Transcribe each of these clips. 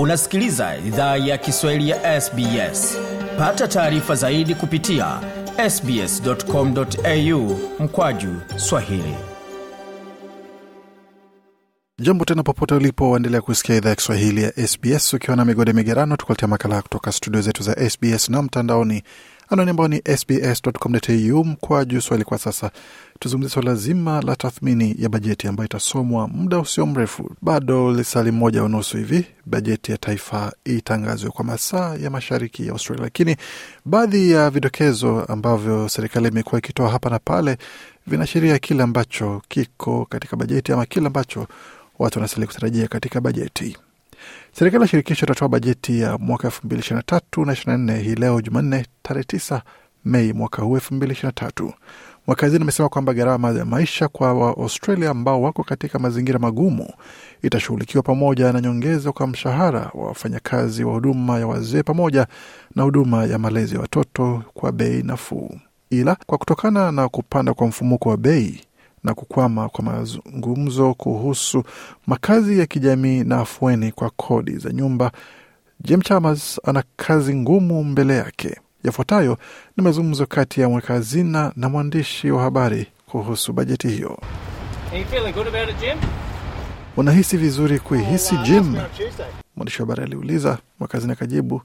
unasikiliza idhaa ya kiswahili ya sbs pata taarifa zaidi kupitia sbscomau mkwaju swahili jambo tena popote ulipo waendelea kusikia idhaa ya kiswahili ya sbs ukiwa na migode migerano tukuletea makala kutoka studio zetu za sbs na mtandaoni anaoni ambayo ni sbs.com.au mkwa juu swali. Kwa sasa tuzungumzia swala zima la tathmini ya bajeti ambayo itasomwa muda usio mrefu, bado lisali moja unusu hivi bajeti ya taifa itangazwe kwa masaa ya mashariki ya Australia, lakini baadhi ya vidokezo ambavyo serikali imekuwa ikitoa hapa na pale vinaashiria kile ambacho kiko katika bajeti ama kile ambacho watu wanastali kutarajia katika bajeti. Serikali ya shirikisho itatoa bajeti ya mwaka elfu mbili ishirini na tatu na ishirini na nne hii leo Jumanne tarehe tisa Mei mwaka huu elfu mbili ishirini na tatu. Mwaka amesema kwamba gharama ya maisha kwa Waaustralia ambao wako katika mazingira magumu itashughulikiwa pamoja na nyongeza kwa mshahara wa wafanyakazi wa huduma ya wazee pamoja na huduma ya malezi ya watoto kwa bei nafuu, ila kwa kutokana na kupanda kwa mfumuko wa bei na kukwama kwa mazungumzo kuhusu makazi ya kijamii na afueni kwa kodi za nyumba. Jim Chalmers ana kazi ngumu mbele yake. Yafuatayo ni mazungumzo kati ya mweka hazina na mwandishi wa habari kuhusu bajeti hiyo. Unahisi vizuri kuihisi, oh, Jim? Mwandishi wa habari aliuliza. Mweka hazina kajibu,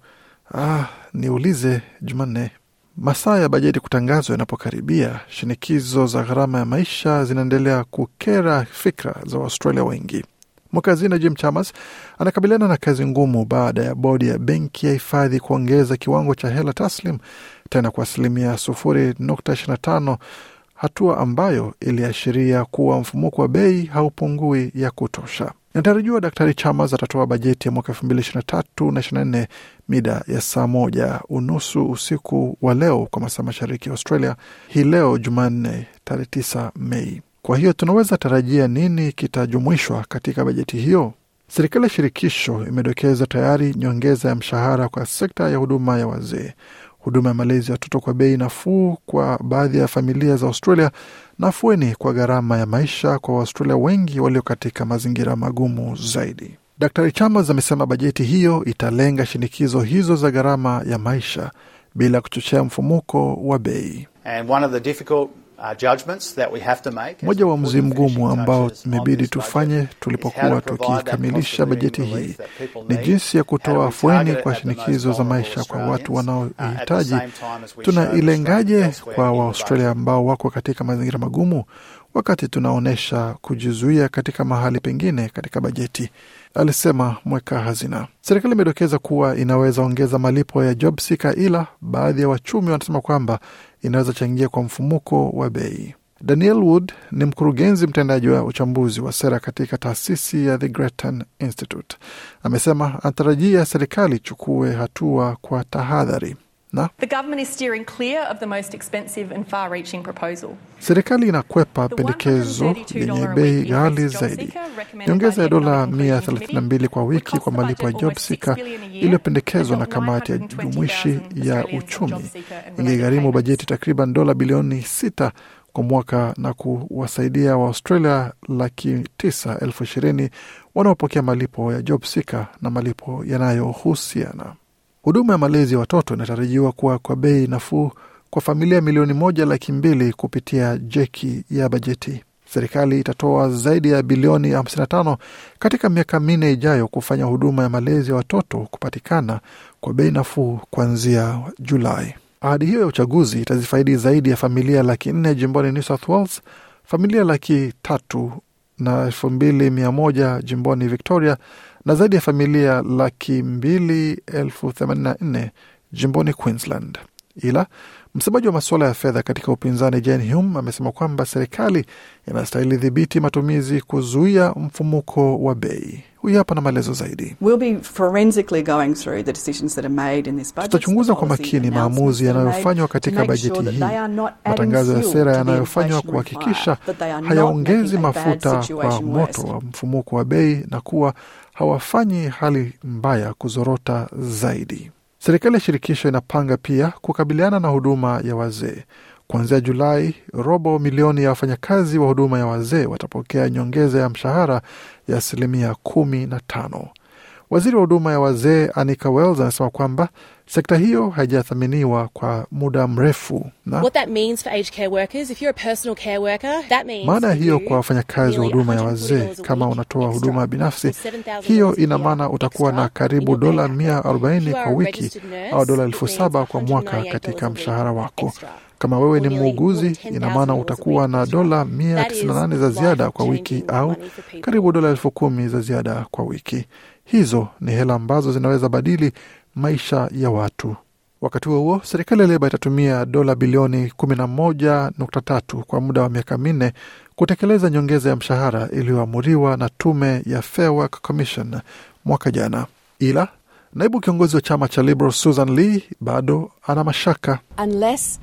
ah, niulize Jumanne. Masaa ya bajeti kutangazwa yanapokaribia, shinikizo za gharama ya maisha zinaendelea kukera fikra za Waustralia wengi. Mwakazina Jim Chalmers anakabiliana na kazi ngumu baada ya bodi ya benki ya hifadhi kuongeza kiwango cha hela taslim tena kwa asilimia 0.25, hatua ambayo iliashiria kuwa mfumuko wa bei haupungui ya kutosha. Inatarajiwa Daktari Chamas atatoa bajeti ya mwaka elfu mbili ishirini na tatu na ishirini na nne mida ya saa moja unusu usiku wa leo kwa masaa mashariki ya Australia hii leo Jumanne tarehe tisa Mei. Kwa hiyo tunaweza tarajia nini kitajumuishwa katika bajeti hiyo? Serikali ya shirikisho imedokeza tayari nyongeza ya mshahara kwa sekta ya huduma ya wazee, Huduma ya malezi ya watoto kwa bei nafuu kwa baadhi ya familia za Australia, na fueni kwa gharama ya maisha kwa Waaustralia wengi walio katika mazingira magumu zaidi. Dr Chambers amesema bajeti hiyo italenga shinikizo hizo za gharama ya maisha bila kuchochea mfumuko wa bei. Uh, Moja mzi mgumu ambao imebidi tufanye tulipokuwa tukikamilisha bajeti hii ni jinsi ya kutoa afueni kwa shinikizo za maisha kwa watu uh, wanaohitaji. Tunailengaje kwa Waaustralia ambao wako katika mazingira magumu, wakati tunaonyesha kujizuia katika mahali pengine katika bajeti, alisema mweka hazina. Serikali imedokeza kuwa inaweza ongeza malipo ya job seeker, ila baadhi ya wachumi wanasema kwamba inaweza changia kwa mfumuko wa bei. Daniel Wood ni mkurugenzi mtendaji wa uchambuzi wa sera katika taasisi ya The Grattan Institute. Amesema anatarajia serikali ichukue hatua kwa tahadhari na serikali inakwepa pendekezo lenye bei ghali zaidi, nyongeza ya dola 132 kwa wiki kwa malipo ya job seeker iliyopendekezwa na kamati ya jumuishi ya uchumi, ingegharimu bajeti takriban dola bilioni 6 kwa mwaka na kuwasaidia Waaustralia laki 920 elfu wanaopokea malipo ya job seeker na malipo yanayohusiana. Huduma ya malezi ya watoto inatarajiwa kuwa kwa bei nafuu kwa familia milioni moja laki mbili kupitia jeki ya bajeti. Serikali itatoa zaidi ya bilioni 55 katika miaka minne ijayo kufanya huduma ya malezi ya watoto kupatikana kwa bei nafuu kuanzia Julai. Ahadi hiyo ya uchaguzi itazifaidi zaidi ya familia laki nne jimboni New South Wales, familia laki tatu na elfu mbili mia moja jimboni Victoria na zaidi ya familia laki mbili elfu themanini na nne jimboni Queensland ila msemaji wa masuala ya fedha katika upinzani jan Hume amesema kwamba serikali inastahili dhibiti matumizi kuzuia mfumuko wa bei. Huyu hapa na maelezo zaidi. Tutachunguza kwa makini maamuzi yanayofanywa katika bajeti hii, matangazo ya sera yanayofanywa kuhakikisha hayaongezi mafuta kwa moto wa mfumuko wa bei na kuwa hawafanyi hali mbaya kuzorota zaidi. Serikali ya shirikisho inapanga pia kukabiliana na huduma ya wazee. Kuanzia Julai, robo milioni ya wafanyakazi wa huduma ya wazee watapokea nyongeza ya mshahara ya asilimia kumi na tano. Waziri wa huduma ya wazee Anika Wells anasema kwamba sekta hiyo haijathaminiwa kwa muda mrefu maana hiyo kwa wafanyakazi wa huduma ya wazee. Kama unatoa huduma binafsi, hiyo ina maana utakuwa na karibu dola 140 kwa wiki au dola elfu saba kwa mwaka katika mshahara wako extra. Kama wewe ni muuguzi, ina maana utakuwa na dola 198 za ziada kwa wiki au karibu dola elfu kumi za ziada kwa wiki. Hizo ni hela ambazo zinaweza badili maisha ya watu. Wakati huo huo, serikali ya Leba itatumia dola bilioni 11.3 kwa muda wa miaka minne kutekeleza nyongeza ya mshahara iliyoamuriwa na tume ya Fair Work Commission mwaka jana, ila naibu kiongozi wa chama cha Liberal Susan Lee bado ana mashaka Unless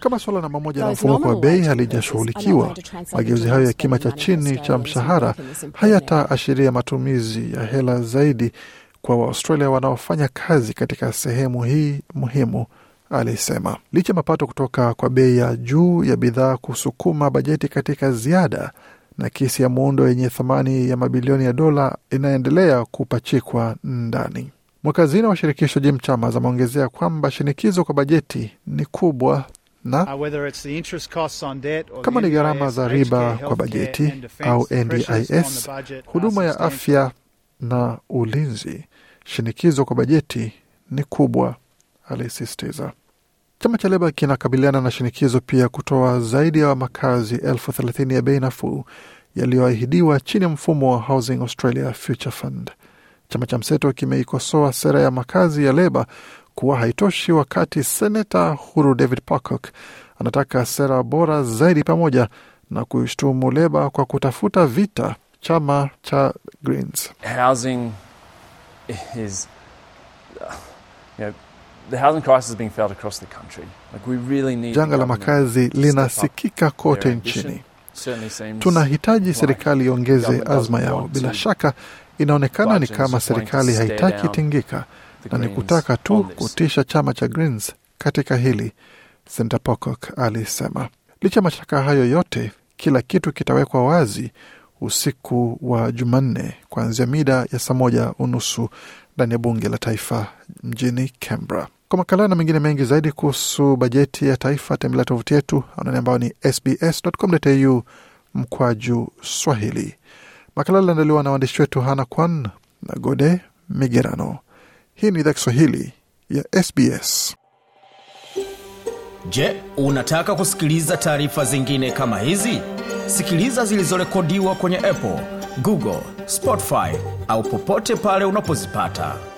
kama suala namba moja la mfumuko wa bei halijashughulikiwa, mageuzi hayo ya kima cha chini cha mshahara hayataashiria matumizi ya hela zaidi kwa Waaustralia wanaofanya kazi katika sehemu hii muhimu, alisema. Licha ya mapato kutoka kwa bei ya juu ya bidhaa kusukuma bajeti katika ziada na kesi ya muundo yenye thamani ya mabilioni ya dola inaendelea kupachikwa ndani mwakazina wa shirikisho Jim Chalmers ameongezea kwamba shinikizo kwa bajeti ni kubwa na uh, kama ni gharama za riba kwa bajeti au NDIS, huduma uh, ya afya na ulinzi, shinikizo kwa bajeti ni kubwa, alisisitiza. Chama cha Leba kinakabiliana na shinikizo pia kutoa zaidi ya makazi elfu thelathini ya bei nafuu yaliyoahidiwa chini ya mfumo wa Housing Australia Future Fund. Chama cha mseto kimeikosoa sera ya makazi ya Leba kuwa haitoshi, wakati seneta huru David Pocock anataka sera bora zaidi, pamoja na kushtumu Leba kwa kutafuta vita chama cha Greens. Housing is, you know, Like really Janga la makazi linasikika kote nchini. Tunahitaji serikali iongeze azma yao. Bila shaka, inaonekana ni kama serikali haitaki tingika, na ni kutaka tu kutisha chama cha Greens katika hili, Senta Pocock alisema. Licha mashaka hayo yote, kila kitu kitawekwa wazi usiku wa Jumanne kuanzia mida ya saa moja unusu ndani ya bunge la taifa mjini Canberra. Kwa makala na mengine mengi zaidi kuhusu bajeti ya taifa, tembelea tovuti yetu anani ambayo ni sbs.com.au mkwaju Swahili. Makala liliandaliwa na waandishi wetu Hana Kwan na Gode Migerano. Hii ni idhaa Kiswahili ya SBS. Je, unataka kusikiliza taarifa zingine kama hizi? Sikiliza zilizorekodiwa kwenye Apple, Google, Spotify au popote pale unapozipata.